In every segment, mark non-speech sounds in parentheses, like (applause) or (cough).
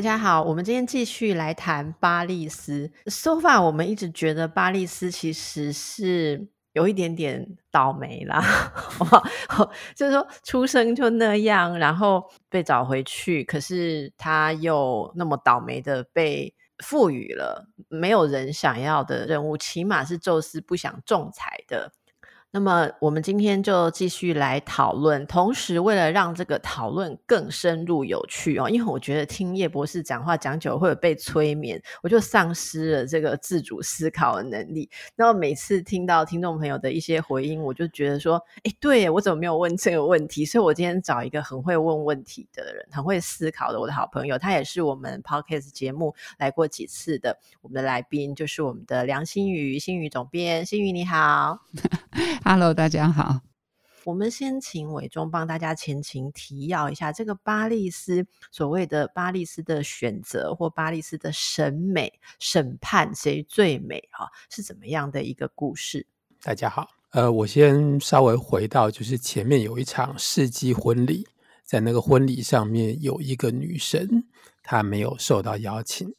大家好，我們今天繼續來談巴利斯。So far，我們一直覺得巴利斯其實是有一點點倒霉啦， (laughs) 就是說出生就那樣，然後被找回去，可是他又那麼倒霉的被賦予了沒有人想要的任務，起碼是宙斯不想仲裁的。那麼我們今天就繼續來討論，同時為了讓這個討論更深入有趣哦，因為我覺得聽葉博士講話講久了會被催眠，我就喪失了這個自主思考的能力。然後每次聽到聽眾朋友的一些回音，我就覺得說，誒，對，我怎麼沒有問這個問題？所以我今天找一個很會問問題的人，很會思考的我的好朋友，他也是我們 Podcast 節目來過幾次的，我們的來賓就是我們的梁心愉，心愉總編，心愉你好。 (laughs) Hello，大家好。我們先請偉忠幫大家前情提要一下，這個巴歷斯所謂的巴歷斯的選擇或巴歷斯的審美審判，誰最美哈、啊，是怎麼樣的一個故事？大家好，呃，我先稍微回到，就是前面有一場世紀婚禮，在那個婚禮上面有一個女神，她沒有受到邀請。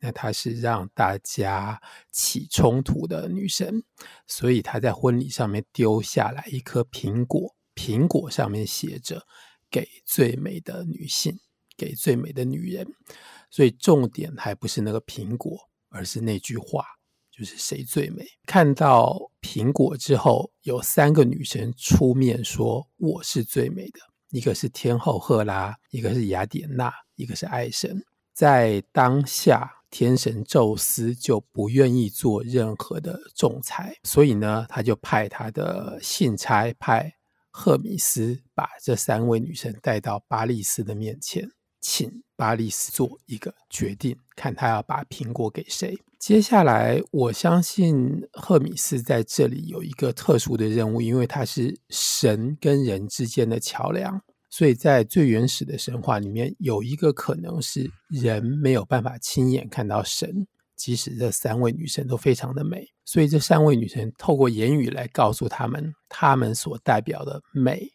那她是讓大家起衝突的女神，所以她在婚禮上面丟下來一顆蘋果，蘋果上面寫着“給最美的女性，給最美的女人”。所以重點還不是那個蘋果，而是那句話，就是誰最美。看到蘋果之後，有三個女神出面說：“我是最美的。”一個是天後赫拉，一個是雅典娜，一個是愛神。在當下。天神宙斯就不願意做任何的仲裁，所以呢，他就派他的信差派赫米斯把這三位女神帶到巴利斯的面前，請巴利斯做一個決定，看他要把蘋果給誰。接下來，我相信赫米斯在這裡有一個特殊的任務，因為他是神跟人之間的橋梁。所以在最原始的神話裡面，有一個可能是人沒有辦法親眼看到神。即使這三位女神都非常的美，所以這三位女神透過言語來告訴他們，她們所代表的美，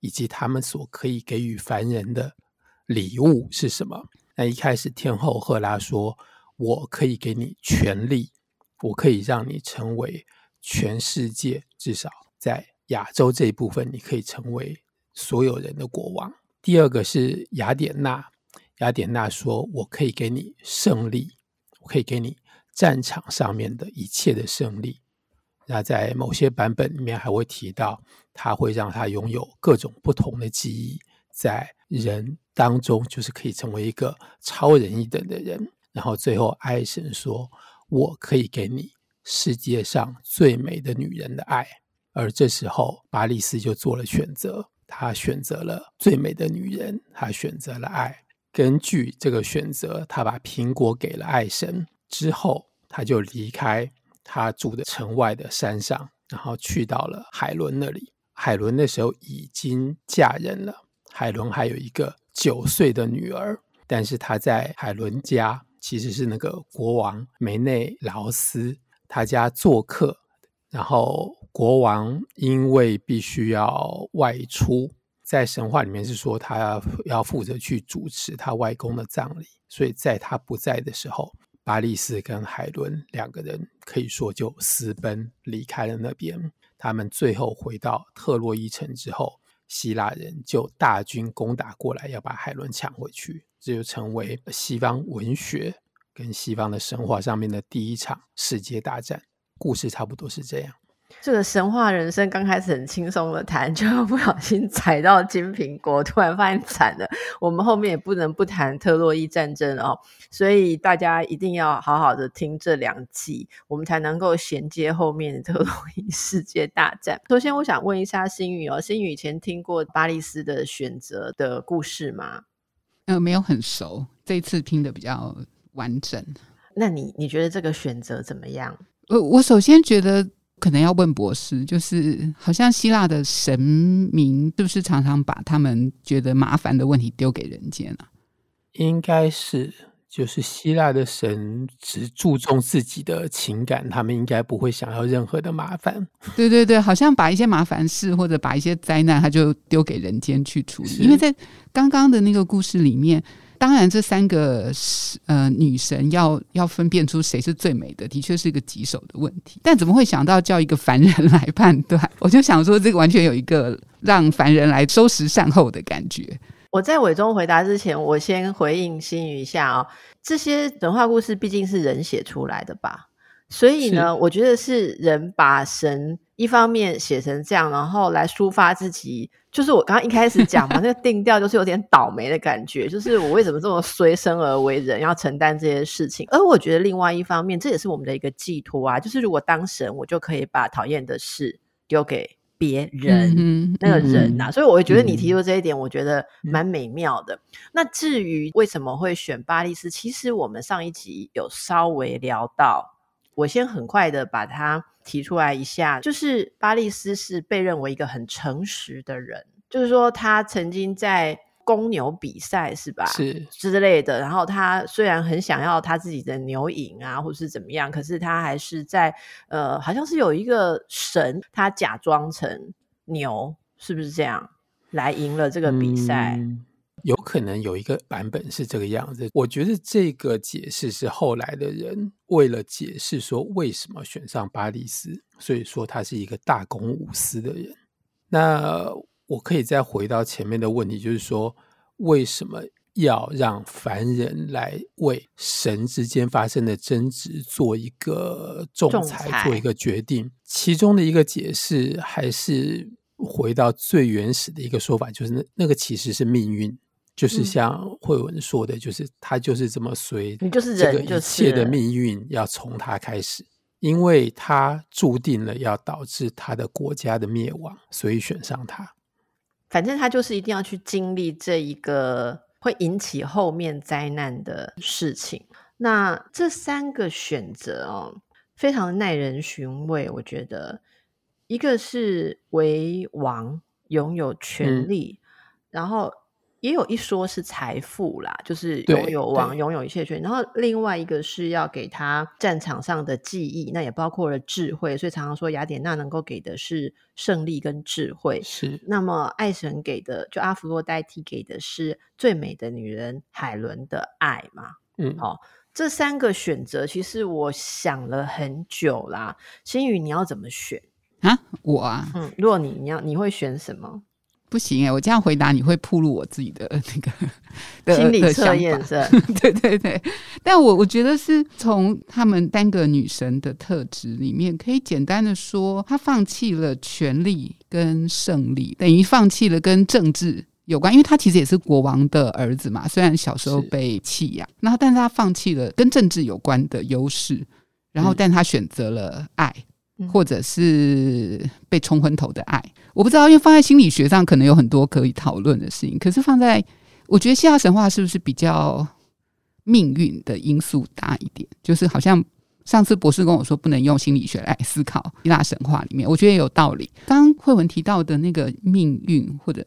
以及她們所可以給予凡人的禮物是什麼。那一開始，天後赫拉說：“我可以給你權力，我可以讓你成為全世界，至少在亞洲這一部分，你可以成為。”所有人的國王。第二個是雅典娜，雅典娜說：“我可以給你勝利，我可以給你戰場上面的一切的勝利。”那在某些版本裡面還會提到，他會讓他擁有各種不同的記憶，在人當中就是可以成為一個超人一等的人。然後最後，愛神說：“我可以給你世界上最美的女人的愛。”而這時候，巴歷思就做了選擇。他選擇了最美的女人，他選擇了愛。根據這個選擇，他把蘋果給了愛神，之後他就離開他住的城外的山上，然後去到了海倫那裡。海倫那時候已經嫁人了，海倫還有一個九歲的女兒。但是他在海倫家其實是那個國王梅內勞斯他家做客，然後，國王因為必須要外出，在神話裡面是說他要要負責去主持他外公的葬禮，所以在他不在的時候，巴歷斯跟海倫兩個人可以說就私奔離開了那邊。他們最後回到特洛伊城之後，希臘人就大軍攻打過來，要把海倫搶回去。這就成為西方文學跟西方的神話上面的第一場世界大戰。故事差不多是這樣。這個神話人生剛開始很輕鬆的談，就不小心踩到金蘋果，突然發現慘了。我們後面也不能不談特洛伊戰爭哦，所以大家一定要好好的聽這兩集，我們才能夠銜接後面的特洛伊世界大戰。首先，我想問一下新宇哦，新宇以前聽過巴利斯的選擇的故事嗎？嗯，沒有很熟，這次聽的比較完整。那你你覺得這個選擇怎麼樣？我，我首先覺得。可能要問博士，就是好像希臘的神明是不是常常把他們覺得麻煩的問題丟給人間啊？應該是，就是希臘的神只注重自己的情感，他們應該不會想要任何的麻煩。 (laughs) 對對對，好像把一些麻煩事或者把一些災難，他就丟給人間去處理。因為在剛剛的那個故事裡面。當然，這三個是呃女神要要分辨出誰是最美的，的確是一個棘手的問題。但怎麼會想到叫一個凡人來判斷？我就想說，這個完全有一個讓凡人來收拾善後的感覺。我在偉忠回答之前，我先回應心愉一下哦，這些神話故事畢竟是人寫出來的吧。所以呢，我覺得是人把神一方面寫成這樣，然後來抒發自己。就是我剛剛一開始講嘛， (laughs) 那個定調就是有點倒霉的感覺。就是我為什麼這麼隨身而為人， (laughs) 要承擔這些事情？而我覺得另外一方面，這也是我們的一個寄託啊。就是如果當神，我就可以把討厭的事丟給別人，嗯、那個人吶、啊嗯。所以我覺得你提出這一點，我覺得蠻美妙的、嗯。那至於為什麼會選巴歷斯，其實我們上一集有稍微聊到。我先很快的把它提出來一下，就是巴利斯是被認為一個很誠實的人，就是說他曾經在公牛比賽是吧？是之類的。然後他雖然很想要他自己的牛贏啊，或是怎麼樣，可是他還是在呃，好像是有一個神，他假裝成牛，是不是這樣來贏了這個比賽？嗯有可能有一個版本是這個樣子。我覺得這個解釋是後來的人為了解釋說為什麼選上巴歷思，所以說他是一個大公無私的人。那我可以再回到前面的問題，就是說為什麼要讓凡人來為神之間發生的爭執做一個仲裁、做一個決定？其中的一個解釋還是回到最原始的一個說法，就是那那個其實是命運。就是像慧文說的，就是、嗯、他就是這麼隨這個一切的命運要從他開始、就是，因為他注定了要導致他的國家的滅亡，所以選上他。反正他就是一定要去經歷這一個會引起後面災難的事情。那這三個選擇哦，非常耐人尋味。我覺得，一個是為王擁有權力，嗯、然後。也有一說是財富啦，就是擁有王，擁有一切權。然後另外一個是要給他戰場上的技藝，那也包括了智慧。所以常常說雅典娜能夠給的是勝利跟智慧。是，那麼愛神給的，就阿芙洛狄忒給的是最美的女人海倫的愛嘛？嗯，好、哦，這三個選擇其實我想了很久啦。心愉，你要怎麼選啊？我啊？嗯，若你你要你會選什麼？不行誒、欸，我這樣回答你會暴露我自己的那個的的心理測驗是 (laughs) 對對對，但我我覺得是從他們三個女神的特質裡面，可以簡單的說，她放棄了權力跟勝利，等於放棄了跟政治有關，因為她其實也是國王的兒子嘛，雖然小時候被棄養，然後但是他放棄了跟政治有關的優勢，然後但他選擇了愛，嗯、或者是被沖昏頭的愛。我不知道，因為放在心理學上可能有很多可以討論的事情。可是放在我覺得希臘神話是不是比較命運的因素大一點？就是好像上次博士跟我說不能用心理學來思考希臘神話裡面，我覺得也有道理。剛剛慧文提到的那個命運，或者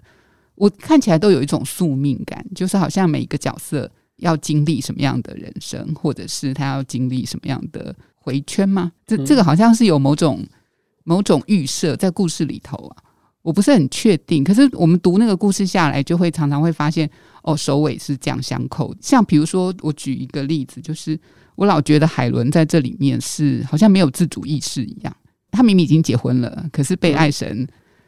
我看起來都有一種宿命感，就是好像每一個角色要經歷什麼樣的人生，或者是他要經歷什麼樣的回圈嗎？這這個好像是有某種某種預設在故事裡頭啊。我不是很確定，可是我們讀那個故事下來，就會常常會發現，哦，首尾是這樣相扣。像比如說，我舉一個例子，就是我老覺得海倫在這裡面是好像沒有自主意識一樣，他明明已經結婚了，可是被愛神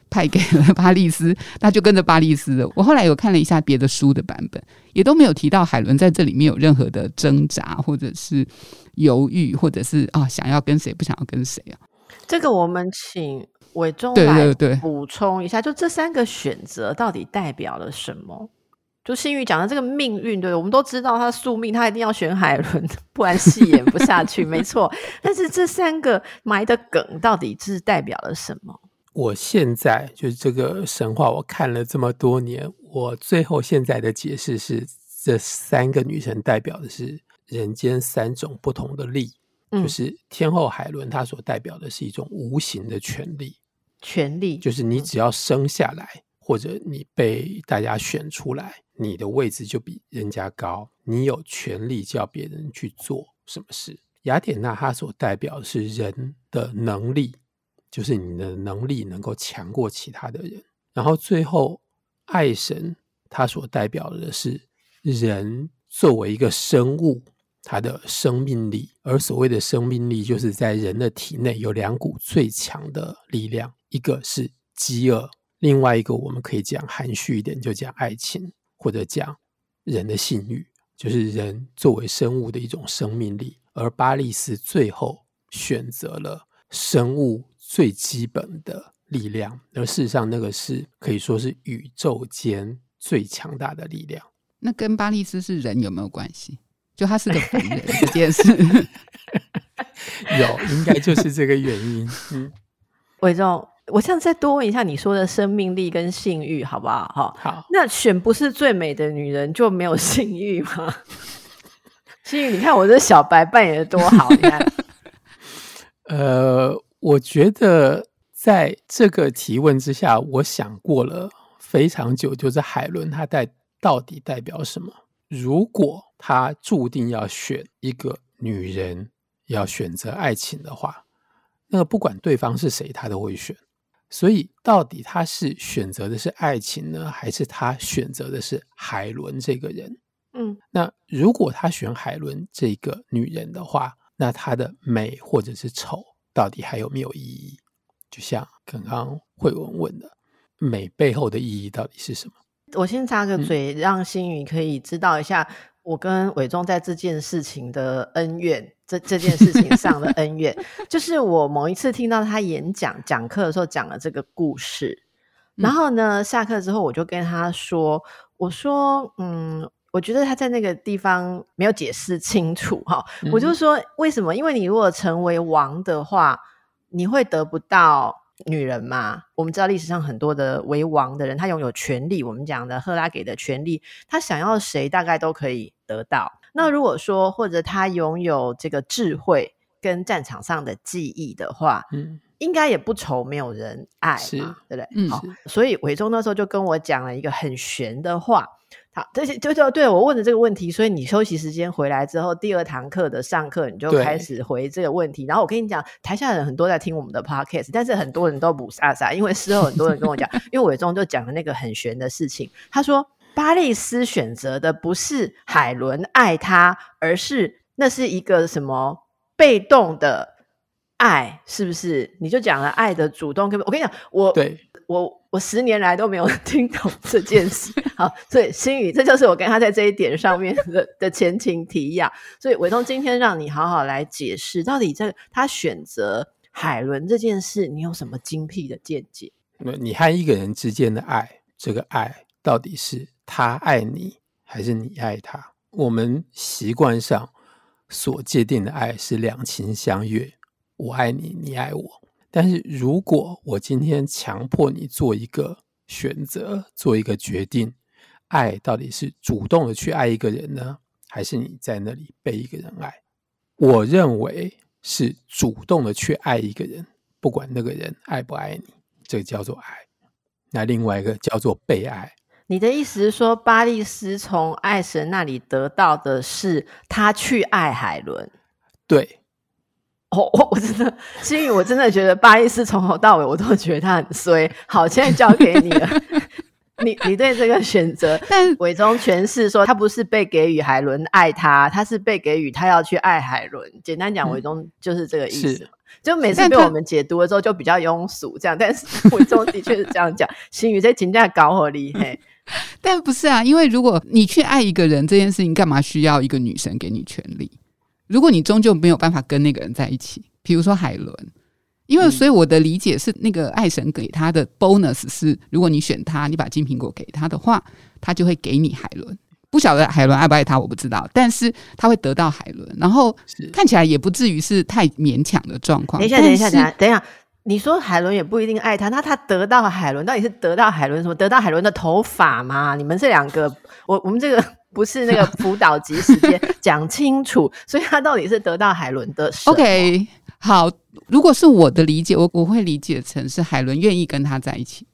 派給了巴歷斯，他就跟着巴歷斯了。我後來有看了一下別的書的版本，也都沒有提到海倫在這裡面有任何的掙扎，或者是猶豫，或者是啊，想要跟誰不想要跟誰啊。這個我們請。偉忠，來補充一下對對對，就這三個選擇到底代表了什麼？就心愉講的這個命運，對，我們都知道他宿命，他一定要選海倫，不然戲演不下去。 (laughs) 沒錯，但是這三個埋的梗到底是代表了什麼？我現在就是這個神話，我看了這麼多年，我最後現在的解釋是，這三個女神代表的是人間三種不同的力，嗯、就是天后海倫，她所代表的是一種無形的權力。權力就是你只要生下來、嗯，或者你被大家選出來，你的位置就比人家高，你有權力叫別人去做什麼事。雅典娜她所代表的是人的能力，就是你的能力能夠強過其他的人。然後最後，愛神他所代表的是人作為一個生物，他的生命力，而所謂的生命力就是在人的體內有兩股最強的力量。一個是飢餓，另外一個我們可以講含蓄一點，就講愛情或者講人的性欲，就是人作為生物的一種生命力。而巴利斯最後選擇了生物最基本的力量，而事實上那個是可以說是宇宙間最強大的力量。那跟巴利斯是人有沒有關係？就他是個凡人這件事， (laughs) (laughs) 有應該就是這個原因。嗯，偉忠。我現在再多問一下，你說的生命力跟性欲好不好？好。那選不是最美的女人就沒有性欲嗎？性慾，你看我這小白扮演的多好，你看 (laughs) (laughs) 呃，我覺得在這個提問之下，我想過了非常久，就是海倫她代到底代表什麼？如果她注定要選一個女人，要選擇愛情的話，那個不管對方是誰，她都會選。所以，到底他是選擇的是愛情呢，還是他選擇的是海倫這個人？嗯，那如果他選海倫這個女人的話，那她的美或者是醜，到底還有沒有意義？就像剛剛惠文問的，美背後的意義到底是什麼？我先插個嘴，嗯、讓心愉可以知道一下。我跟偉忠在這件事情的恩怨，這這件事情上的恩怨， (laughs) 就是我某一次聽到他演講講課的時候講了這個故事，嗯、然後呢，下課之後我就跟他說，我說，嗯，我覺得他在那個地方沒有解釋清楚、喔嗯、我就說為什麼？因為你如果成為王的話，你會得不到女人嗎？我們知道歷史上很多的為王的人，他擁有權力，我們講的赫拉給的權力，他想要誰大概都可以。得到，那如果說或者他擁有這個智慧跟戰場上的記憶的話，嗯、應該也不愁沒有人愛嘛，嘛，對不對？嗯、好，所以偉忠那時候就跟我講了一個很玄的話。好，這些就就對，對，對，對，對我問的這個問題，所以你休息時間回來之後，第二堂課的上課你就開始回這個問題。然後我跟你講，台下人很多在聽我們的 Podcast，但是很多人都不傻傻，因為事後很多人跟我講， (laughs) 因為偉忠就講了那個很玄的事情，他說。巴歷斯選擇的不是海倫愛他，而是那是一個什麼被動的愛？是不是？你就講了愛的主動根本。我跟你講，我對我我十年來都沒有聽懂這件事。 (laughs) 好，所以心愉，這就是我跟他在這一點上面的的前情提要啊。所以偉忠今天讓你好好來解釋，到底這他選擇海倫這件事，你有什麼精闢的見解？那你和一個人之間的愛，這個愛到底是？他愛你還是你愛他？我們習慣上所界定的愛是兩情相悅，我愛你，你愛我。但是如果我今天強迫你做一個選擇，做一個決定，愛到底是主動的去愛一個人呢，還是你在那裡被一個人愛？我認為是主動的去愛一個人，不管那個人愛不愛你，這個叫做愛。那另外一個叫做被愛。你的意思是說，巴歷思從愛神那裡得到的是他去愛海倫。對，哦，我我真的心愉，我真的覺得巴歷思從頭到尾我都覺得他很衰。好，現在交給你了。 (laughs) 你你對這個選擇， (laughs) 但是偉忠詮釋說，他不是被給予海倫愛他，他是被給予他要去愛海倫。簡單講，偉忠就是這個意思、嗯、就每次被我們解讀了之後，就比較庸俗這樣。但，但是偉忠的確是這樣講。心愉在評價搞好厲害。嗯但不是啊，因為如果你去愛一個人這件事情，幹嘛需要一個女神給你權利？如果你終究沒有辦法跟那個人在一起，比如說海倫，因為所以我的理解是，那個愛神給他的 bonus 是，如果你選他，你把金蘋果給他的話，他就會給你海倫。不曉得海倫愛不愛他，我不知道，但是他會得到海倫，然後看起來也不至於是太勉強的狀況。等一下，等一下，等一下。你說海倫也不一定愛他，那他得到海倫，到底是得到海倫什麼？得到海倫的頭髮嗎？你們這兩個，我我們這個不是那個輔導級時間講清楚， (laughs) 所以他到底是得到海倫的？Okay，好，如果是我的理解，我我會理解成是海倫願意跟他在一起，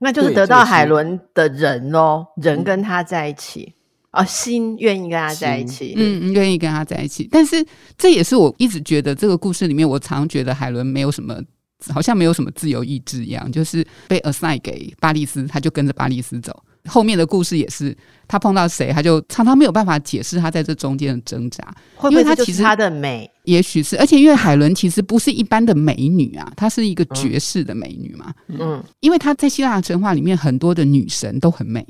那就是得到海倫的人哦，人跟他在一起啊，嗯哦，心願意跟他在一起，嗯，願意跟他在一起。但是這也是我一直覺得這個故事裡面，我常覺得海倫沒有什麼。好像沒有什麼自由意志一樣，就是被 assign 給巴歷斯，他就跟着巴歷斯走。後面的故事也是他碰到誰，他就常常沒有辦法解釋他在這中間的掙扎。會不會其實他的美，也許是，而且因為海倫其實不是一般的美女啊，她是一個絕世的美女嘛。嗯，嗯，因為她在希臘神話裡面很多的女神都很美，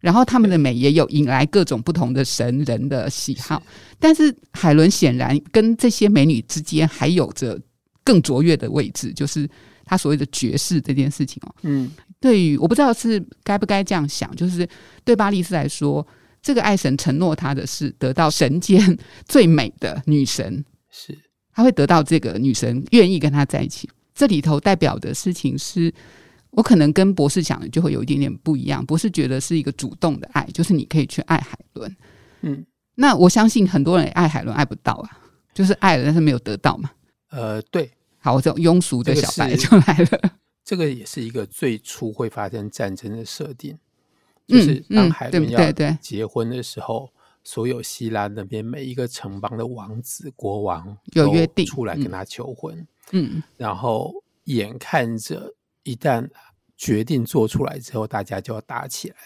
然後他們的美也有引來各種不同的神人的喜好。是是，但是海倫顯然跟這些美女之間還有着。更卓越的位置，就是他所謂的爵士這件事情哦。嗯，對於我不知道是該不該這樣想，就是對巴歷思來說，這個愛神承諾他的是得到神間最美的女神，是他會得到這個女神願意跟他在一起。這裡頭代表的事情是我可能跟博士講的就會有一點點不一樣。博士覺得是一個主動的愛，就是你可以去愛海倫。嗯，那我相信很多人愛海倫愛不到啊，就是愛了但是沒有得到嘛。呃，對，好，我這庸俗的小白就來了，這個。這個也是一個最初會發生戰爭的設定，嗯、就是當海倫要結婚的時候，嗯，所有希臘那邊每一個城邦的王子國王有約定出來跟他求婚。嗯，然後眼看着一旦決定做出來之後，大家就要打起來，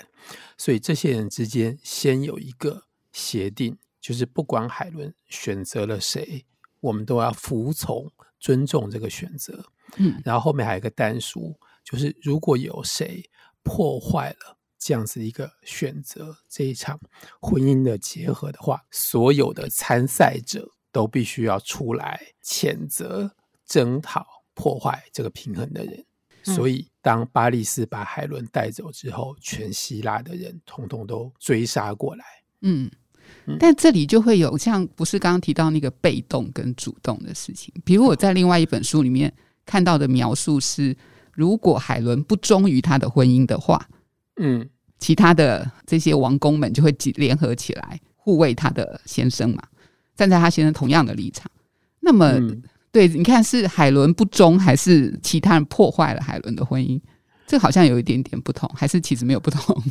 所以這些人之間先有一個協定，就是不管海倫選擇了誰，我們都要服從、尊重這個選擇。嗯，然後後面還有一個單數，就是如果有誰破壞了這樣子一個選擇，這一場婚姻的結合的話，嗯、所有的參賽者都必須要出來譴責、征討破壞這個平衡的人。嗯、所以，當巴歷斯把海倫帶走之後，全希臘的人統統都追殺過來。嗯。但這裡就會有像不是剛剛提到那個被動跟主動的事情，比如我在另外一本書裡面看到的描述是，如果海倫不忠於他的婚姻的話，嗯，其他的這些王公們就會聯聯合起來護衛他的先生嘛，站在他先生同樣的立場。那麼，嗯、對，你看是海倫不忠，還是其他人破壞了海倫的婚姻？這好像有一點點不同，還是其實沒有不同？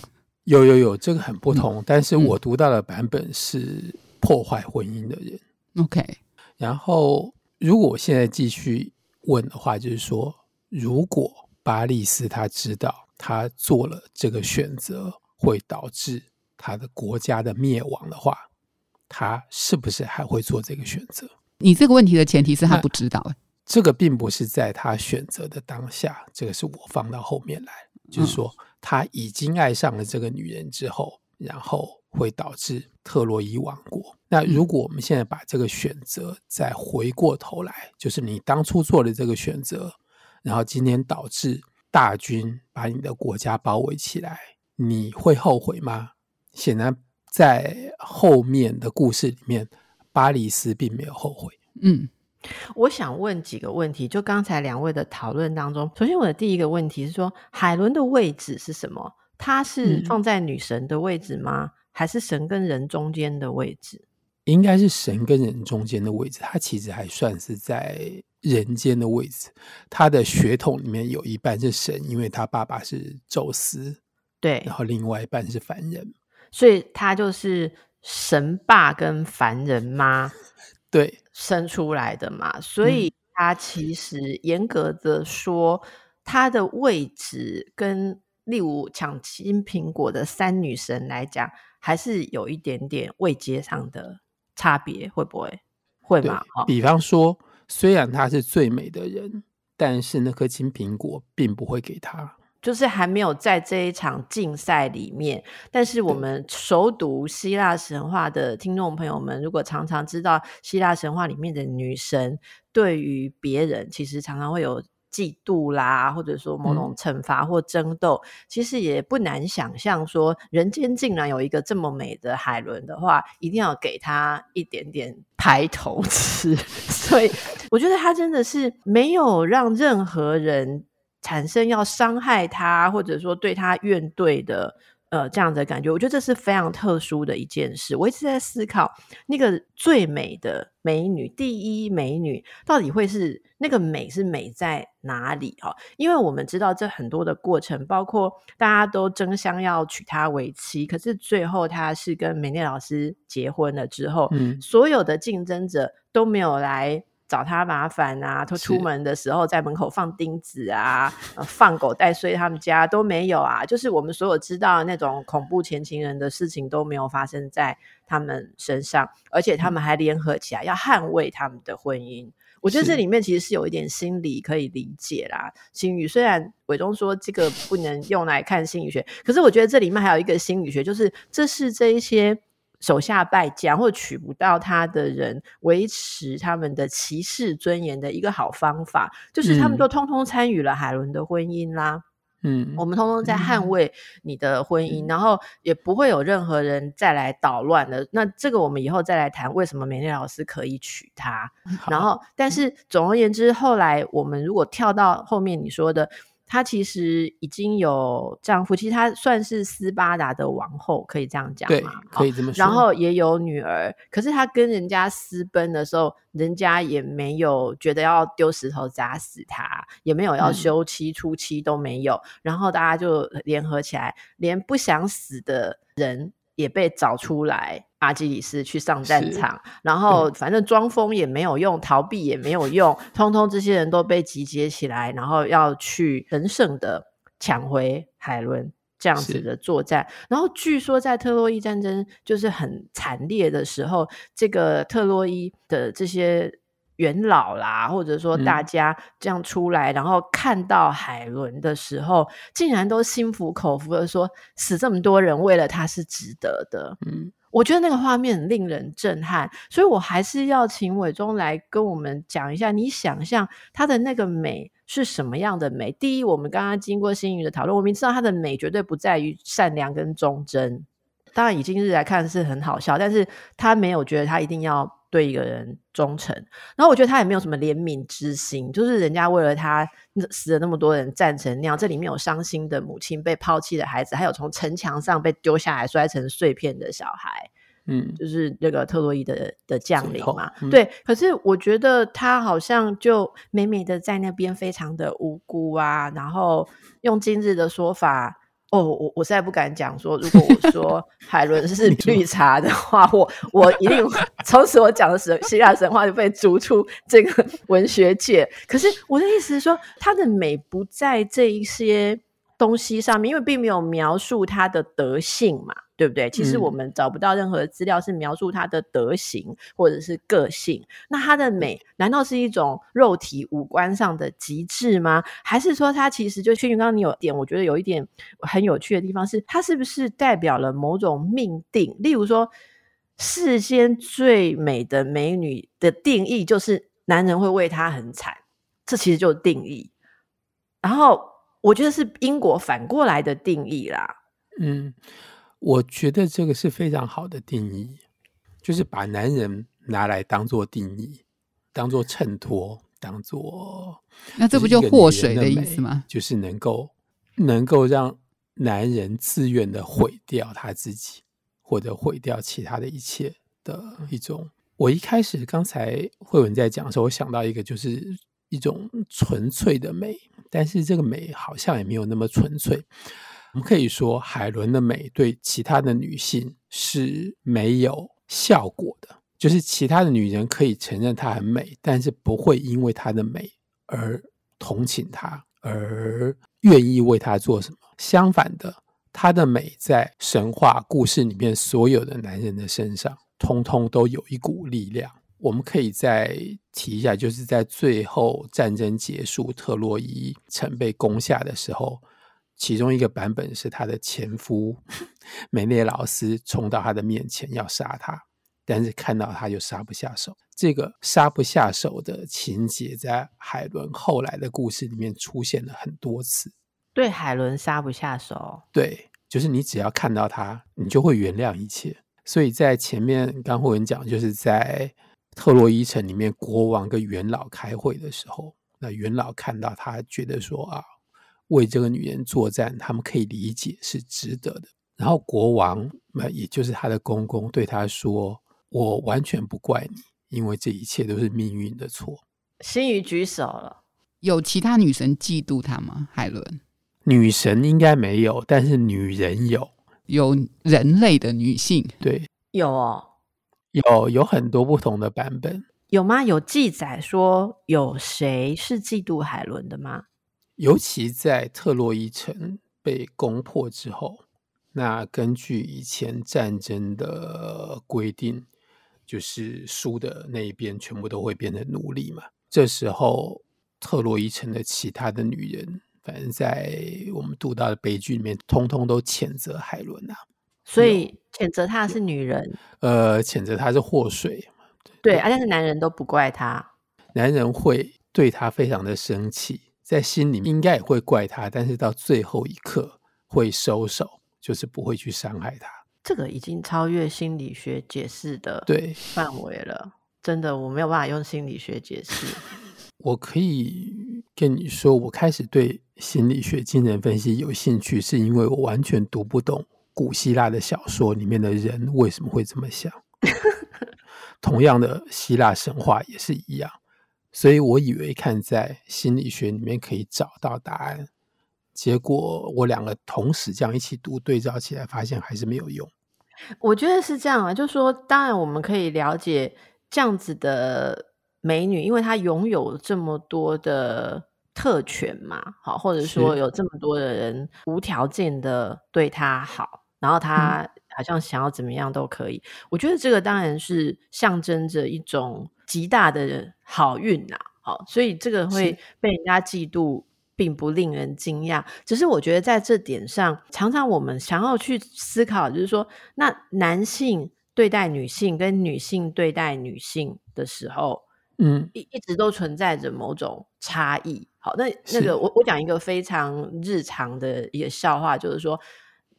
有有有，這個很不同、嗯。但是我讀到的版本是破壞婚姻的人。OK，、嗯嗯、然後如果我現在繼續問的話，就是說，如果巴歷斯他知道他做了這個選擇會導致他的國家的滅亡的話，他是不是還會做這個選擇？你這個問題的前提是他不知道。這個並不是在他選擇的當下，這個是我放到後面來、嗯，就是說。他已經愛上了這個女人之後，然後會導致特洛伊亡國。那如果我們現在把這個選擇再回過頭來，嗯、就是你當初做的這個選擇，然後今天導致大軍把你的國家包圍起來，你會後悔嗎？顯然，在後面的故事裡面，巴黎斯並沒有後悔。嗯。我想問幾個問題，就剛才兩位的討論當中，首先我的第一個問題是說，海倫的位置是什麼？她是放在女神的位置嗎？嗯，還是神跟人中間的位置？應該是神跟人中間的位置，她其實還算是在人間的位置。她的血統裡面有一半是神，因為她爸爸是宙斯，對，然後另外一半是凡人，所以她就是神爸跟凡人媽， (laughs) 對。生出來的嘛，所以他其實嚴格的說、嗯，他的位置跟例如搶金蘋果的三女神來講，還是有一點點位階上的差別，會不會？會嗎？比方說，雖然她是最美的人，但是那顆金蘋果並不會給她。就是還沒有在這一場競賽裡面，但是我們熟讀希臘神話的聽眾朋友們，如果常常知道希臘神話裡面的女神對於別人，其實常常會有嫉妒啦，或者說某種懲罰或爭鬥、嗯，其實也不難想象，說人間竟然有一個這麼美的海倫的話，一定要給她一點點排頭吃。 (laughs) 所以，我覺得她真的是沒有讓任何人，產生要傷害他，或者說對他怨懟的，呃，這樣的感覺，我覺得這是非常特殊的一件事。我一直在思考，那個最美的美女，第一美女，到底會是那個美是美在哪裡啊？哈，因為我們知道這很多的過程，包括大家都爭相要娶她為妻，可是最後她是跟梅內勞斯結婚了之後，嗯，所有的競爭者都沒有來找他麻煩啊！他出門的時候在門口放釘子啊，啊，放狗帶衰他們家都沒有啊。就是我們所有知道的那種恐怖前情人的事情都沒有發生在他們身上，而且他們還聯合起來要捍衛他們的婚姻。我覺得這裡面其實是有一點心理可以理解啦。心愉雖然偉忠說這個不能用來看心理學，可是我覺得這裡面還有一個心理學，就是這是這一些。手下敗將，或娶不到他的人，維持他們的騎士尊嚴的一個好方法，就是他們都通通參與了海倫的婚姻啦。嗯，我們通通在捍衛你的婚姻，嗯，然後也不會有任何人再來搗亂了。那這個我們以後再來談為什麼美麗老師可以娶她。然後，但是總而言之，嗯，後來我們如果跳到後面你說的。她其實已經有丈夫，其實她算是斯巴達的王後，可以這樣講嗎？對，可以這麼說。喔，然後也有女兒，可是她跟人家私奔的時候，人家也沒有覺得要丟石頭砸死她，也沒有要休妻、嗯、出妻都沒有，然後大家就聯合起來，連不想死的人也被找出來。阿基里斯去上戰場，然後反正裝瘋也沒有用， (laughs) 逃避也沒有用，通通這些人都被集結起來，然後要去神聖的搶回海倫這樣子的作戰。然後據說在特洛伊戰爭就是很慘烈的時候，這個特洛伊的這些元老啦，或者說大家這樣出來，嗯、然後看到海倫的時候，竟然都心服口服的說，死這麼多人為了他是值得的。嗯。我覺得那個畫面令人震撼，所以我還是要請偉忠來跟我們講一下，你想象他的那個美是什麼樣的美？第一，我們剛剛經過心愉的討論，我明知道他的美絕對不在於善良跟忠貞，當然以今日來看是很好笑，但是他沒有覺得他一定要對一個人忠誠，然後我覺得他也沒有什麼憐憫之心，就是人家為了他死了那麼多人，戰成那樣，這裡面有傷心的母親、被拋棄的孩子，還有從城牆上被丟下來摔成碎片的小孩，嗯，就是那個特洛伊的的將領嘛、嗯，對。可是我覺得他好像就美美的在那邊，非常的無辜啊，然後用今日的說法。哦，我我實在不敢講說，如果我說海倫是綠茶的話， (laughs) 我我一定從此我講的神希臘神話就被逐出這個文學界。可是我的意思是說，她的美不在這一些。東西上面，因為並沒有描述她的德性嘛，對不對？其實我們找不到任何資料是描述她的德行或者是個性。嗯、那她的美，難道是一種肉體五官上的極致嗎？還是說她其實就……薛云剛剛，你有點，我覺得有一點很有趣的地方是，她是不是代表了某種命定？例如說，世間最美的美女的定義，就是男人會為她很慘。這其實就是定義，然後。我覺得是英國反過來的定義啦。嗯，我覺得這個是非常好的定義，就是把男人拿來當做定義，當做襯托，當做。那這不就禍水的意思嗎？就是能夠能夠讓男人自願地毀掉他自己，或者毀掉其他的一切的一種。我一開始剛才慧文在講的時候，我想到一個，就是一種純粹的美。但是這個美好像也沒有那麼純粹。我們可以說，海倫的美對其他的女性是沒有效果的。就是其他的女人可以承認她很美，但是不會因為她的美而同情她，而願意為她做什麼。相反的，她的美在神話故事裡面，所有的男人的身上，通通都有一股力量。我們可以再提一下，就是在最後戰爭結束，特洛伊城被攻下的時候，其中一個版本是他的前夫 (laughs) 美列勞斯衝到他的面前要殺他，但是看到他就殺不下手。這個殺不下手的情節，在海倫後來的故事裡面出現了很多次。對海倫殺不下手，對，就是你只要看到他，你就會原諒一切。所以在前面剛我們講，就是在特洛伊城裡面，國王跟元老開會的時候，那元老看到他，覺得說啊，為這個女人作戰，他們可以理解是值得的。然後國王，那也就是他的公公，對他說：“我完全不怪你，因為這一切都是命運的錯。”心愉舉手了，有其他女神嫉妒她嗎？海倫，女神應該沒有，但是女人有，有人類的女性，對，有哦。有有，很多不同的版本。有嗎？有記載說有誰是嫉妒海倫的嗎？尤其在特洛伊城被攻破之後，那根據以前戰爭的規定，就是輸的那一邊全部都會變成奴隸嘛。這時候特洛伊城的其他的女人，反正在我們讀到的悲劇裡面，通通都譴責海倫吶、啊。所以譴責她是女人，嗯，呃，譴責她是禍水，對，對，啊，但是男人都不怪她，男人會對她非常的生氣，在心裡面應該也會怪她，但是到最後一刻會收手，就是不會去傷害她。這個已經超越心理學解釋的對範圍了，真的我沒有辦法用心理學解釋。 (laughs) 我可以跟你說，我開始對心理學、精神分析有興趣，是因為我完全讀不懂。古希臘的小說裡面的人為什麼會這麼想？ (laughs) 同樣的希臘神話也是一樣，所以我以為看在心理學裡面可以找到答案，結果我兩個同時這樣一起讀，對照起來發現還是沒有用。我覺得是這樣啊，就是說，當然我們可以了解這樣子的美女，因為她擁有這麼多的特權嘛，好，或者說有這麼多的人無條件的對她好。然後他好像想要怎麼樣都可以、嗯，我覺得這個當然是象徵着一種極大的好運吶、啊，好、哦，所以這個會被人家嫉妒，並不令人驚訝。只是我覺得在這點上，常常我們想要去思考，就是說，那男性對待女性跟女性對待女性的時候，嗯，一，一直都存在着某種差異。好、哦，那那個我我講一個非常日常的一個笑話，就是說。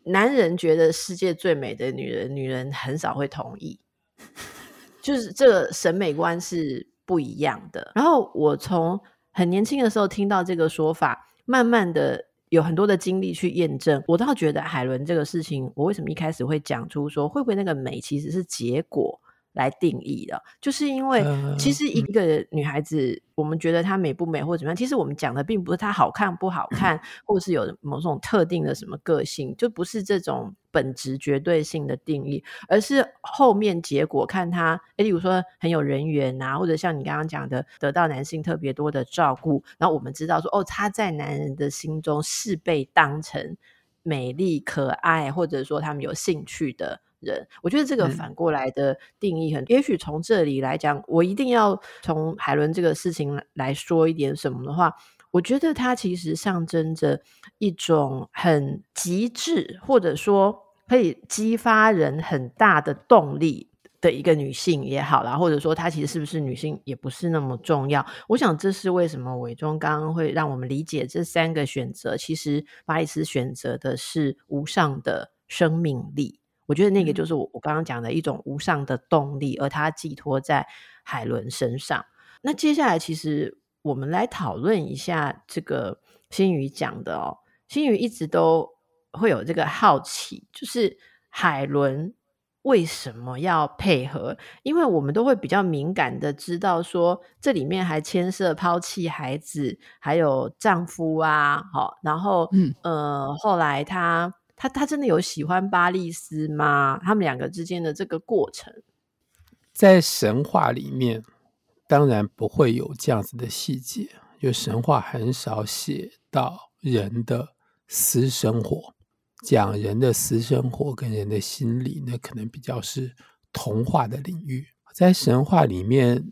男人覺得世界最美的女人，女人很少會同意，就是這個審美觀是不一樣的。然後我從很年輕的時候聽到這個說法，慢慢的有很多的經歷去驗證。我倒覺得海倫這個事情，我為什麼一開始會講出說，會不會那個美其實是結果？來定義的，就是因為其實一個女孩子，呃嗯、我們覺得她美不美或者怎麼樣，其實我們講的並不是她好看不好看、嗯，或是有某種特定的什麼個性，就不是這種本質絕對性的定義，而是後面結果看她，欸、例如說很有人緣啊，或者像你剛剛講的，得到男性特別多的照顧，然後我們知道說，哦，她在男人的心中是被當成美麗可愛，或者說他們有興趣的。人，我覺得這個反過來的定義很、嗯，也許從這裡來講，我一定要從海倫這個事情來，來說一點什麼的話，我覺得它其實象徵着一種很極致，或者說可以激發人很大的動力的一個女性也好啦，或者說她其實是不是女性也不是那麼重要。我想這是為什麼偉忠剛剛會讓我們理解這三個選擇，其實巴歷斯選擇的是無上的生命力。我覺得那個就是我剛剛講的一種無上的動力，而它寄託在海倫身上。那接下來，其實我們來討論一下這個心愉講的哦。心愉一直都會有這個好奇，就是海倫為什麼要配合？因為我們都會比較敏感的知道說，這裡面還牽涉拋棄孩子，還有丈夫啊，好，然後呃，後來他。他他真的有喜歡巴歷思嗎？他們兩個之間的這個過程，在神話裡面當然不會有這樣子的細節，就神話很少寫到人的私生活，講人的私生活跟人的心理，那可能比較是童話的領域。在神話裡面，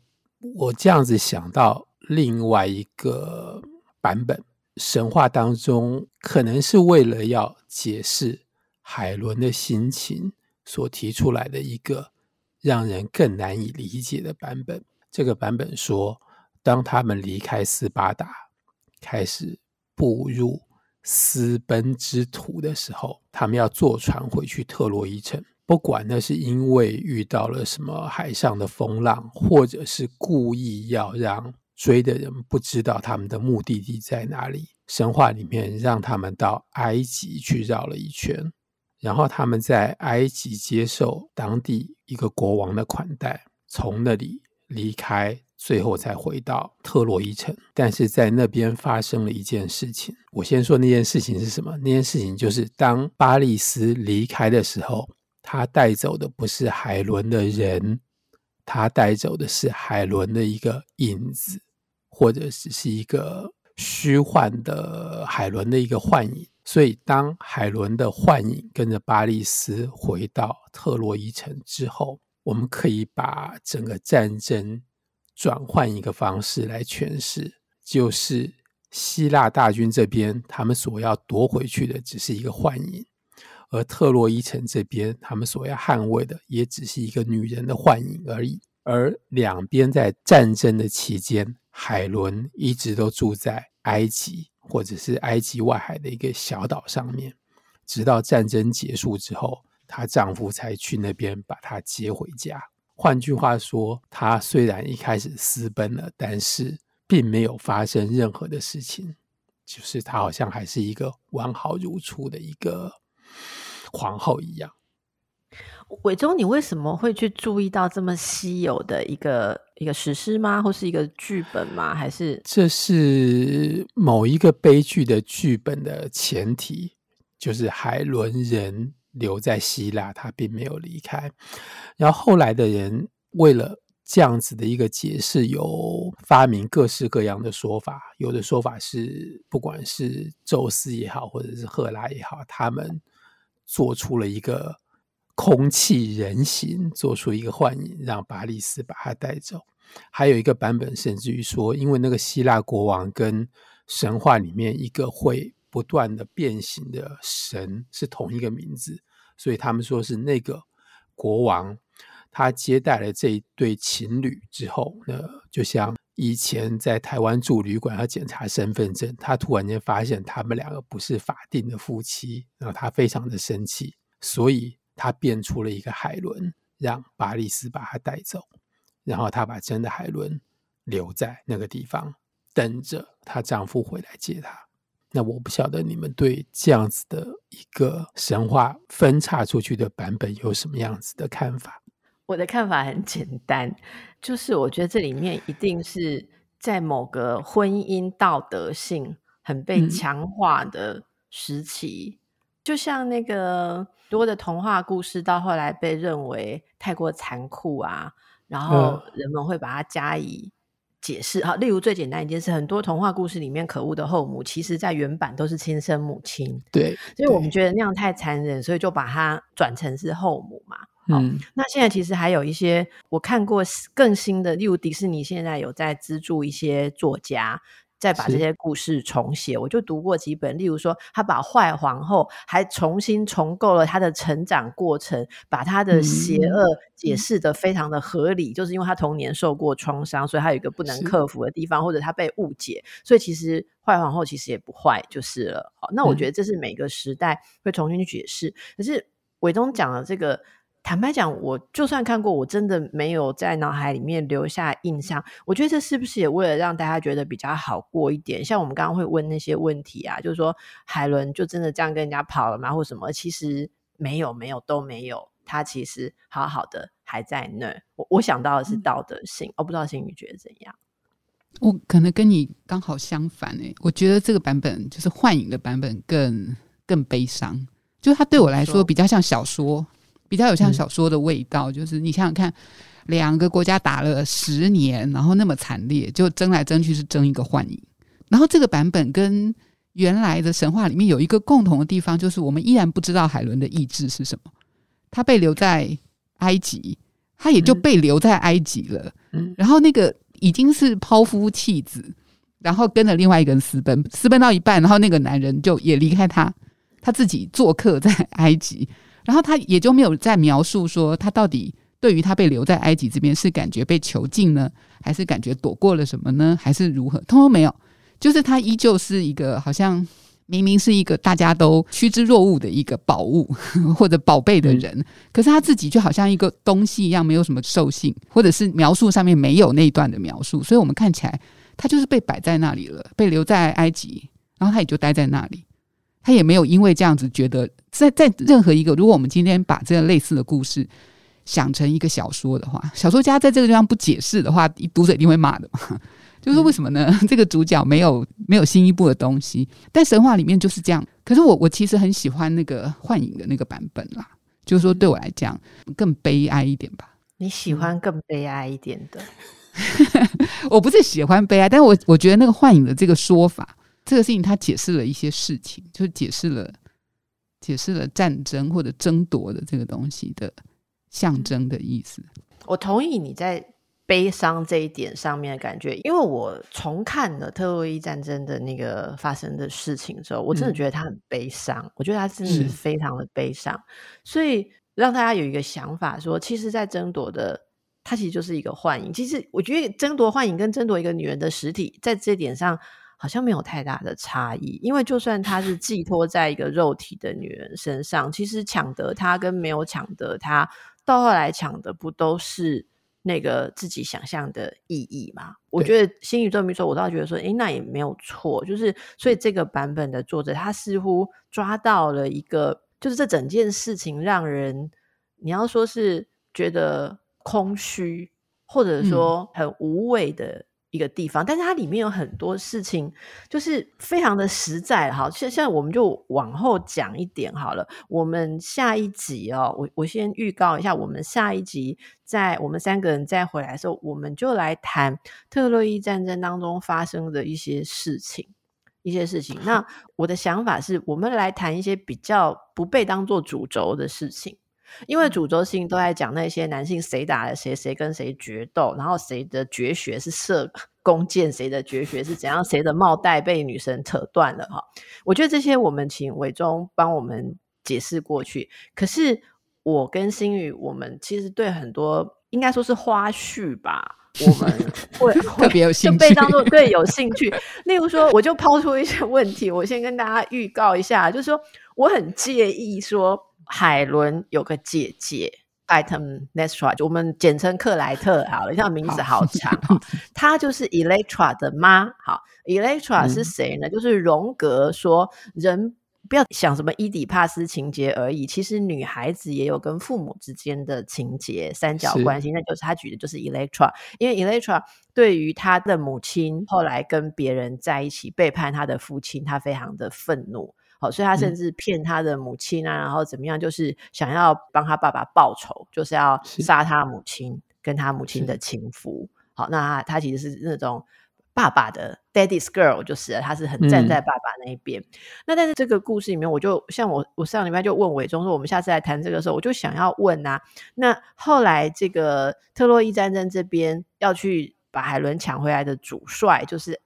我這樣子想到另外一個版本。神話當中可能是為了要解釋海倫的心情所提出來的一個讓人更難以理解的版本。這個版本說，當他們離開斯巴達，開始步入私奔之途的時候，他們要坐船回去特洛伊城。不管那是因為遇到了什麼海上的風浪，或者是故意要讓。追的人不知道他們的目的地在哪裡。神話裡面讓他們到埃及去繞了一圈，然後他們在埃及接受當地一個國王的款待，從那裡離開，最後才回到特洛伊城。但是在那邊發生了一件事情。我先說那件事情是什麼。那件事情就是，當巴歷斯離開的時候，他帶走的不是海倫的人，他帶走的是海倫的一個影子。或者只是一個虛幻的海倫的一個幻影，所以當海倫的幻影跟着巴歷思回到特洛伊城之後，我們可以把整個戰爭轉換一個方式來詮釋，就是希臘大軍這邊他們所要奪回去的只是一個幻影，而特洛伊城這邊他們所要捍衛的也只是一個女人的幻影而已。而兩邊在戰爭的期間，海倫一直都住在埃及或者是埃及外海的一個小島上面，直到戰爭結束之後，她丈夫才去那邊把她接回家。換句話說，她雖然一開始私奔了，但是並沒有發生任何的事情，就是她好像還是一個完好如初的一個皇後一樣。偉忠，你為什麼會去注意到這麼稀有的一個一個史詩嗎？或是一個劇本嗎？還是這是某一個悲劇的劇本的前提？就是海倫人留在希臘，他並沒有離開。然後後來的人為了這樣子的一個解釋，有發明各式各樣的說法。有的說法是，不管是宙斯也好，或者是赫拉也好，他們做出了一個。空氣人形做出一個幻影，讓巴歷思把他帶走。還有一個版本，甚至於說，因為那個希臘國王跟神話裡面一個會不斷的變形的神是同一個名字，所以他們說是那個國王他接待了這一對情侶之後呢，就像以前在台灣住旅館要檢查身份證，他突然間發現他們兩個不是法定的夫妻，然後他非常的生氣，所以。他變出了一個海倫，讓巴歷斯把她帶走，然後他把真的海倫留在那個地方，等着她丈夫回來接她。那我不曉得你們對這樣子的一個神話分叉出去的版本有什麼樣子的看法？我的看法很簡單，就是我覺得這裡面一定是在某個婚姻道德性很被強化的時期。嗯就像那個多的童話故事，到後來被認為太過殘酷啊，然後人們會把它加以解釋。嗯。好，例如最簡單一件事，很多童話故事裡面可惡的後母，其實在原版都是親生母親。對，所以我們覺得那樣太殘忍，所以就把它轉成是後母嘛。嗯，那現在其實還有一些我看過更新的，例如迪士尼現在有在資助一些作家。再把這些故事重寫，我就讀過幾本，例如說，他把壞皇後還重新重構了他的成長過程，把他的邪惡解釋得非常的合理，嗯、就是因為他童年受過創傷，所以他有一個不能克服的地方，或者他被誤解，所以其實壞皇後其實也不壞，就是了。好、嗯，那我覺得這是每個時代會重新去解釋。可是偉忠講的這個。坦白講，我就算看過，我真的沒有在腦海裡面留下印象。我覺得這是不是也為了讓大家覺得比較好過一點？像我們剛剛會問那些問題啊，就是說海倫就真的這樣跟人家跑了嗎？或什麼？其實沒有，沒有，都沒有。他其實好好的還在那。我，我想到的是道德性，我、嗯哦、不知道心愉覺得怎樣。我可能跟你剛好相反、欸、我覺得這個版本就是幻影的版本更更悲傷，就是他對我來說比較像小說。嗯比較有像小說的味道，嗯，就是你想想看，兩個國家打了十年，然後那麼慘烈，就爭來爭去是爭一個幻影。然後這個版本跟原來的神話裡面有一個共同的地方，就是我們依然不知道海倫的意志是什麼，他被留在埃及，他也就被留在埃及了。然後那個已經是拋夫棄子，然後跟了另外一個人私奔，私奔到一半，然後那個男人就也離開他，他自己做客在埃及。然後他也就沒有再描述說，他到底對於他被留在埃及這邊是感覺被囚禁呢，還是感覺躲過了什麼呢，還是如何？通通沒有，就是他依舊是一個好像明明是一個大家都趨之若鶩的一個寶物，呵呵，或者寶貝的人，可是他自己就好像一個東西一樣，沒有什麼獸性，或者是描述上面沒有那一段的描述，所以我們看起來他就是被擺在那裡了，被留在埃及，然後他也就待在那裡。他也沒有因為這樣子覺得在，在在任何一個，如果我們今天把這個類似的故事想成一個小說的話，小說家在這個地方不解釋的話，讀者一定會罵的嘛。就是為什麼呢、嗯？這個主角沒有沒有新一步的東西，但神話裡面就是這樣。可是我我其實很喜歡那個幻影的那個版本啦，就是說對我來講更悲哀一點吧。你喜歡更悲哀一點的？ (laughs) 我不是喜歡悲哀，但是我我覺得那個幻影的這個說法。這個事情，他解釋了一些事情，就是解釋了、解釋了戰爭或者爭奪的這個東西的象徵的意思。我同意你在悲傷這一點上面的感覺，因為我重看了特洛伊戰爭的那個發生的事情之後，我真的覺得他很悲傷，嗯、我覺得他真的是非常的悲傷。所以讓大家有一個想法說，說其實，在爭奪的，它其實就是一個幻影。其實，我覺得爭奪幻影跟爭奪一個女人的實體，在這點上。好像沒有太大的差異，因為就算他是寄托在一個肉體的女人身上，其實搶得他跟沒有搶得他，到後來搶的不都是那個自己想象的意義嗎？我覺得心愉證明說，我倒覺得說，誒、欸，那也沒有錯。就是所以這個版本的作者，他似乎抓到了一個，就是這整件事情讓人你要說是覺得空虛，或者說很無謂的、嗯。一個地方，但是它裡面有很多事情，就是非常的實在哈。現在我們就往後講一點好了。我們下一集哦，我我先預告一下，我們下一集在我們三個人再回來的時候，我們就來談特洛伊戰爭當中發生的一些事情，一些事情。那我的想法是我們來談一些比較不被當做主軸的事情。因為主軸性都在講那些男性誰打了誰，誰跟誰決鬥，然後誰的絕學是射弓箭，誰的絕學是怎樣，誰的帽帶被女生扯斷了哈。我覺得這些我們請偉忠幫我們解釋過去。可是我跟心愉，我們其實對很多應該說是花絮吧，我們會 (laughs) 特別有興趣，就被當做對有興趣。 (laughs) 例如說，我就拋出一些問題，我先跟大家預告一下，就是說我很介意說。海倫有個姐姐，Item Nestra，就我們簡稱克萊特啊，你像 (music) 名字好長哦。 (laughs) 她就是 Electra 的媽，好，Electra 是誰呢？嗯。就是榮格說，人不要想什麼伊底帕斯情節而已，其實女孩子也有跟父母之間的情節三角關係，那就是他舉的就是 Electra，因為 Electra 對於他的母親後來跟別人在一起背叛他的父親，他非常的憤怒。好，所以他甚至騙他的母親啊、嗯，然後怎麼樣，就是想要幫他爸爸報仇，就是要殺他母親跟他母親的情夫。好，那他其實是那種爸爸的 daddy's girl，就是了，他是很站在爸爸那一邊、嗯。那但是這個故事裡面我我，我就像我我上禮拜就問偉忠說，我們下次來談這個的時候，我就想要問啊，那後來這個特洛伊戰爭這邊要去把海倫搶回來的主帥，就是。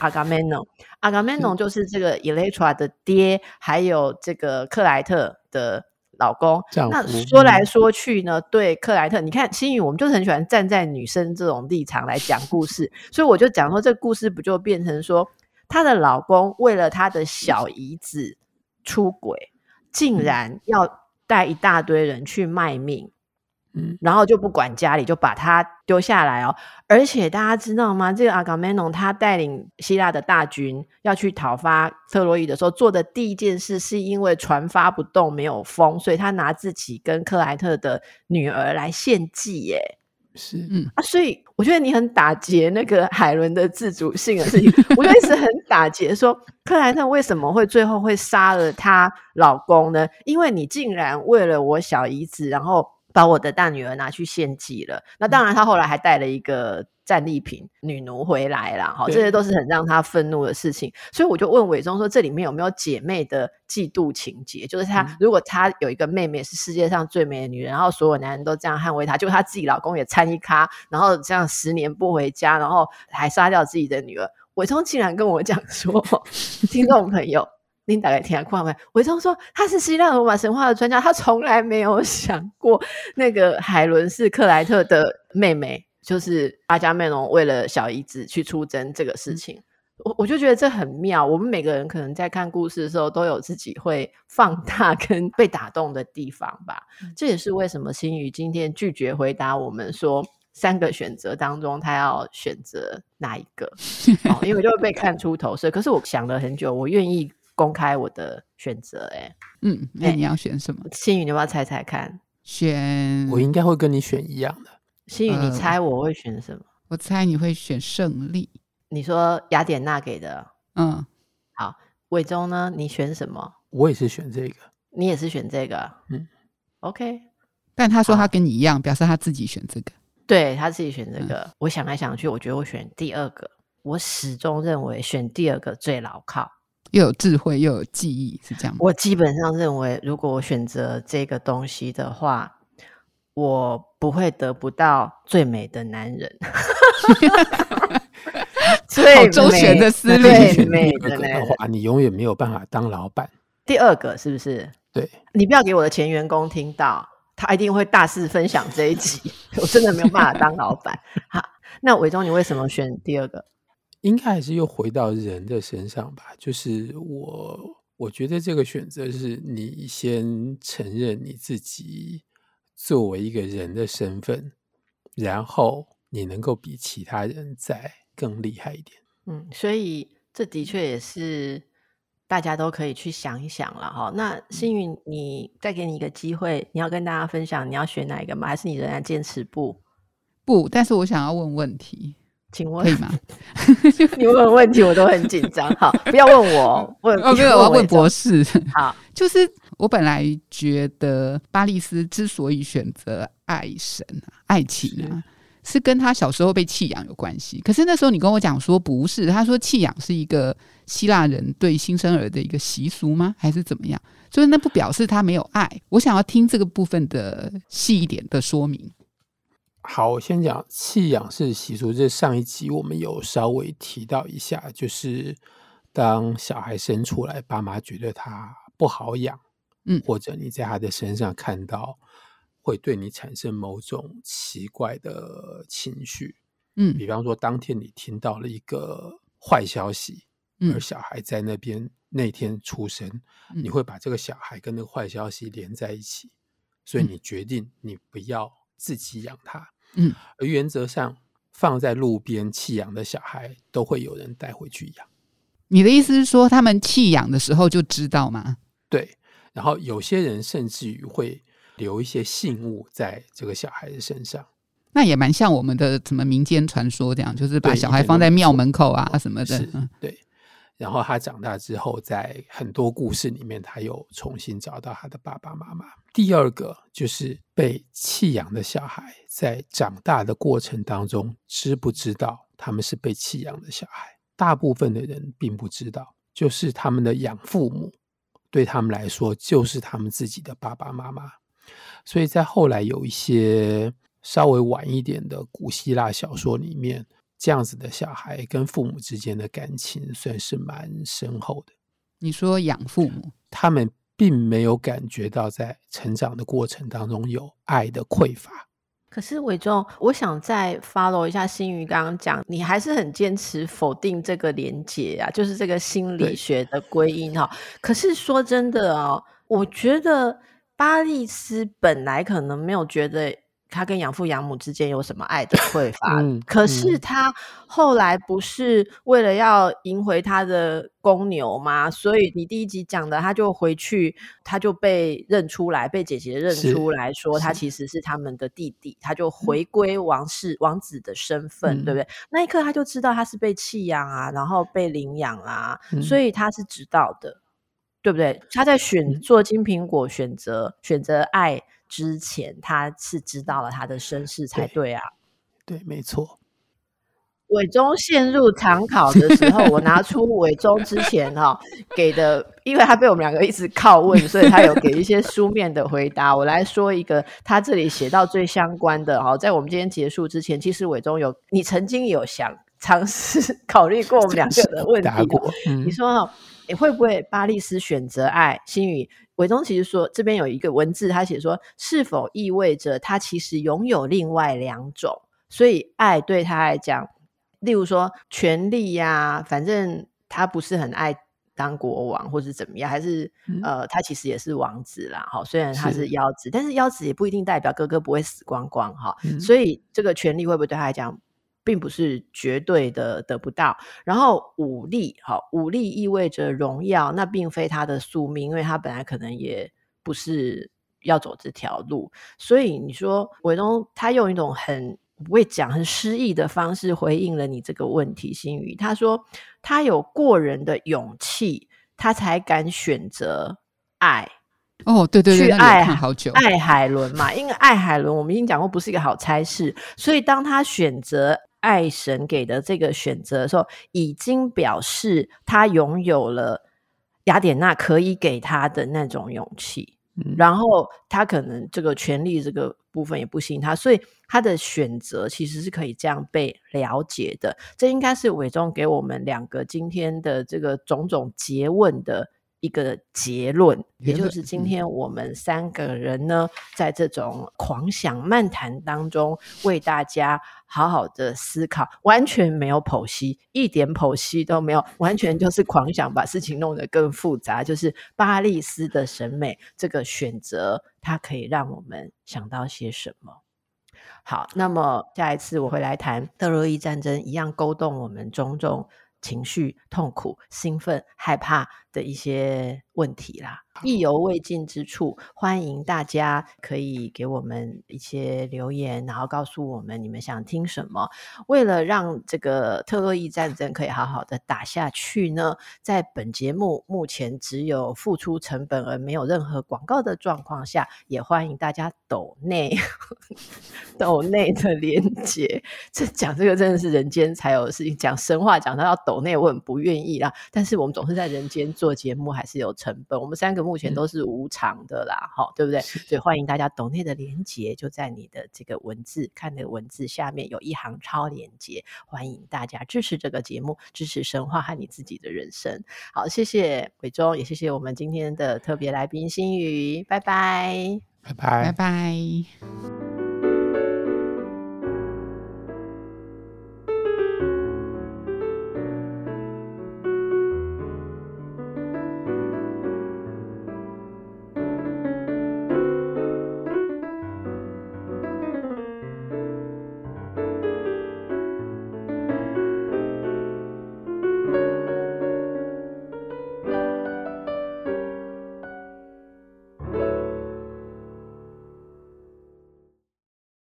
Agamemnon，Agamemnon 就是這個 Electra 的爹、嗯，還有這個克萊特的老公。那說來說去呢，對克萊特、嗯，你看，心愉我們就是很喜歡站在女生這種立場來講故事， (laughs) 所以我就講說，這故事不就變成說，她的老公為了她的小姨子出軌，竟然要帶一大堆人去賣命。嗯嗯、然後就不管家裡，就把他丟下來哦。而且大家知道嗎？這個阿伽門農他帶領希臘的大軍要去討伐特洛伊的時候，做的第一件事是因為船發不動，沒有風，所以他拿自己跟克萊特的女兒來獻祭耶。是，嗯、啊、所以我覺得你很打劫那個海倫的自主性的事情，我就一直很打劫說，說 (laughs) 克萊特為什麼會最後會殺了她老公呢？因為你竟然為了我小姨子，然後。把我的大女兒拿去獻祭了，那當然，她後來還帶了一個戰利品女奴回來了，哈、嗯，這些都是很讓她憤怒的事情。所以我就問偉忠說，這裡面有沒有姐妹的嫉妒情節？就是她、嗯、如果她有一個妹妹是世界上最美的女人，然後所有男人都這樣捍衛她，就她自己老公也參一咖，然後這樣十年不回家，然後還殺掉自己的女兒，偉忠竟然跟我講說， (laughs) 聽眾朋友。你打開電話庫阿，偉忠說，他是希臘羅馬神話的專家，他從來沒有想過那個海倫是克萊特的妹妹，就是阿伽門農為了小姨子去出征這個事情。嗯、我我就覺得這很妙。我們每個人可能在看故事的時候，都有自己會放大跟被打動的地方吧、嗯。這也是為什麼心愉今天拒絕回答我們說三個選擇當中他要選擇哪一個、 (laughs) 哦，因為就會被看出投射。可是我想了很久，我願意。公開我的選擇，哎，嗯，那你要選什麼？欸、心愉，你要不要猜猜看，選我應該會跟你選一樣的。心愉，你猜我會選什麼？呃、我猜你會選勝利。你說雅典娜給的，嗯，好，偉忠呢？你選什麼？我也是選這個，你也是選這個，嗯，OK。但他說他跟你一樣，表示他自己選這個，對他自己選這個、嗯。我想來想去，我覺得我選第二個，我始終認為選第二個最牢靠。又有智慧又有技藝，是這樣嗎？我基本上認為，如果我選擇這個東西的話，我不會得不到最美的男人。 (laughs) (laughs) 最美最美的男人，好周全的思慮。第一個的話，你永遠沒有辦法當老闆。第二個是不是？對，你不要給我的前員工聽到，他一定會大肆分享這一集。我真的沒有辦法當老闆。 (laughs) 好，那偉忠，你為什麼選第二個？應該還是又回到人的身上吧，就是我我覺得這個選擇是，你先承認你自己作為一個人的身份，然後你能夠比其他人再更厲害一點。嗯，所以這的確也是大家都可以去想一想了哈。那心愉你再給你一個機會，你要跟大家分享你要選哪一個嗎還是你仍然堅持不？不，但是我想要問問題。請問可以嗎？ (laughs) 你問問題，我都很緊張。哈，不要問我， (laughs) 問因為、okay, 我，我要問博士。好，就是我本來覺得巴歷斯之所以選擇愛神、啊、愛情啊是，是跟他小時候被棄養有關係。可是那時候你跟我講說不是，他說棄養是一個希臘人對新生兒的一個習俗嗎？還是怎麼樣？就是那不表示他沒有愛。我想要聽這個部分的細一點的說明。好，我先講棄養是習俗。這上一集我們有稍微提到一下，就是當小孩生出來，爸媽覺得他不好養，嗯，或者你在他的身上看到會對你產生某種奇怪的情緒，嗯，比方說當天你聽到了一個壞消息，嗯，而小孩在那邊、嗯、那天出生，你會把這個小孩跟那個壞消息連在一起，所以你決定你不要自己養他。嗯，而原則上，放在路邊棄養的小孩都會有人帶回去養。你的意思是說，他們棄養的時候就知道嗎？對，然後有些人甚至於會留一些信物在這個小孩的身上。那也蠻像我們的什麼民間傳說這樣，就是把小孩放在廟門口啊什麼的。嗯，對。然後他長大之後，在很多故事裡面，他又重新找到他的爸爸媽媽。第二個就是被棄養的小孩，在長大的過程當中，知不知道他們是被棄養的小孩？大部分的人並不知道，就是他們的養父母，對他們來說就是他們自己的爸爸媽媽。所以在後來有一些稍微晚一點的古希臘小說裡面，這樣子的小孩跟父母之間的感情算是蠻深厚的。你說養父母，他們並沒有感覺到在成長的過程當中有愛的匱乏。可是偉忠，我想再 follow 一下心愉剛剛講，你還是很堅持否定這個連結啊，就是這個心理學的歸因哈。可是說真的哦，我覺得巴歷斯本來可能沒有覺得。他跟養父養母之間有什麼愛的匱乏、 (coughs) 嗯？可是他後來不是為了要贏回他的公牛嗎？所以你第一集講的，他就回去，他就被認出來，被姐姐認出來說他其實是他們的弟弟，他就回歸王室、嗯、王子的身份、嗯，對不對？那一刻他就知道他是被棄養啊，然後被領養啊，嗯、所以他是知道的，對不對？他在選做金蘋果選擇、嗯，選擇選擇愛。之前他是知道了他的身世才對啊，對，對沒錯。偉忠陷入長考的時候，我拿出偉忠之前哈、喔、 (laughs) 給的，因為他被我們兩個一直拷問，所以他有給一些書面的回答。 (laughs) 我來說一個，他這裡寫到最相關的哈、喔，在我們今天結束之前，其實偉忠有你曾經有想嘗試考慮過我們兩個的問題答過、嗯、你說你、喔欸、會不會巴歷斯選擇愛心愉？偉忠其實說，這邊有一個文字，他寫說，是否意味着他其實擁有另外兩種？所以愛對他來講，例如說權力呀、啊，反正他不是很愛當國王或者怎麼樣，還是、嗯、呃，他其實也是王子啦。哈，雖然他是幺子是，但是幺子也不一定代表哥哥不會死光光哈、嗯。所以這個權力會不會對他來講？並不是絕對的得不到，然後武力，哈，武力意味着榮耀，那並非他的宿命，因為他本來可能也不是要走這條路。所以你說偉忠他用一種很不會講、很詩意的方式回應了你這個問題，心愉，他說他有過人的勇氣，他才敢選擇愛。哦，對對對，去愛好久愛海倫嘛，因為愛海倫，我們已經講過不是一個好差事， (laughs) 所以當他選擇。愛神給的這個選擇的時候，說已經表示他擁有了雅典娜可以給他的那種勇氣，嗯，然後他可能這個權力這個部分也不信他所以他的選擇其實是可以這樣被了解的。這應該是偉忠給我們兩個今天的這個種種詰問的。一個結論，也就是今天我們三個人呢，在這種狂想漫談當中，為大家好好的思考，完全沒有剖析，一點剖析都沒有，完全就是狂想，把事情弄得更複雜。就是巴歷斯的審美這個選擇，它可以讓我們想到些什麼？好，那麼下一次我會來談特洛伊戰爭，一樣勾動我們種種情緒、痛苦、興奮、害怕。的一些問題啦，意猶未盡之處，歡迎大家可以給我們一些留言，然後告訴我們你們想聽什麼。為了讓這個特洛伊戰爭可以好好的打下去呢，在本節目目前只有付出成本而沒有任何廣告的狀況下，也歡迎大家抖內 (laughs) 抖內的連接。這講這個真的是人間才有的事情，講神話講到要抖內，我很不願意啦。但是我們總是在人間做。做節目還是有成本，我們三個目前都是無償的啦、嗯吼，對不對？所以歡迎大家 donate 的連結，就在你的這個文字，看那個文字下面有一行超連結，歡迎大家支持這個節目，支持神話和你自己的人生。好，謝謝偉忠，也謝謝我們今天的特別來賓心愉，拜拜，拜拜，拜拜。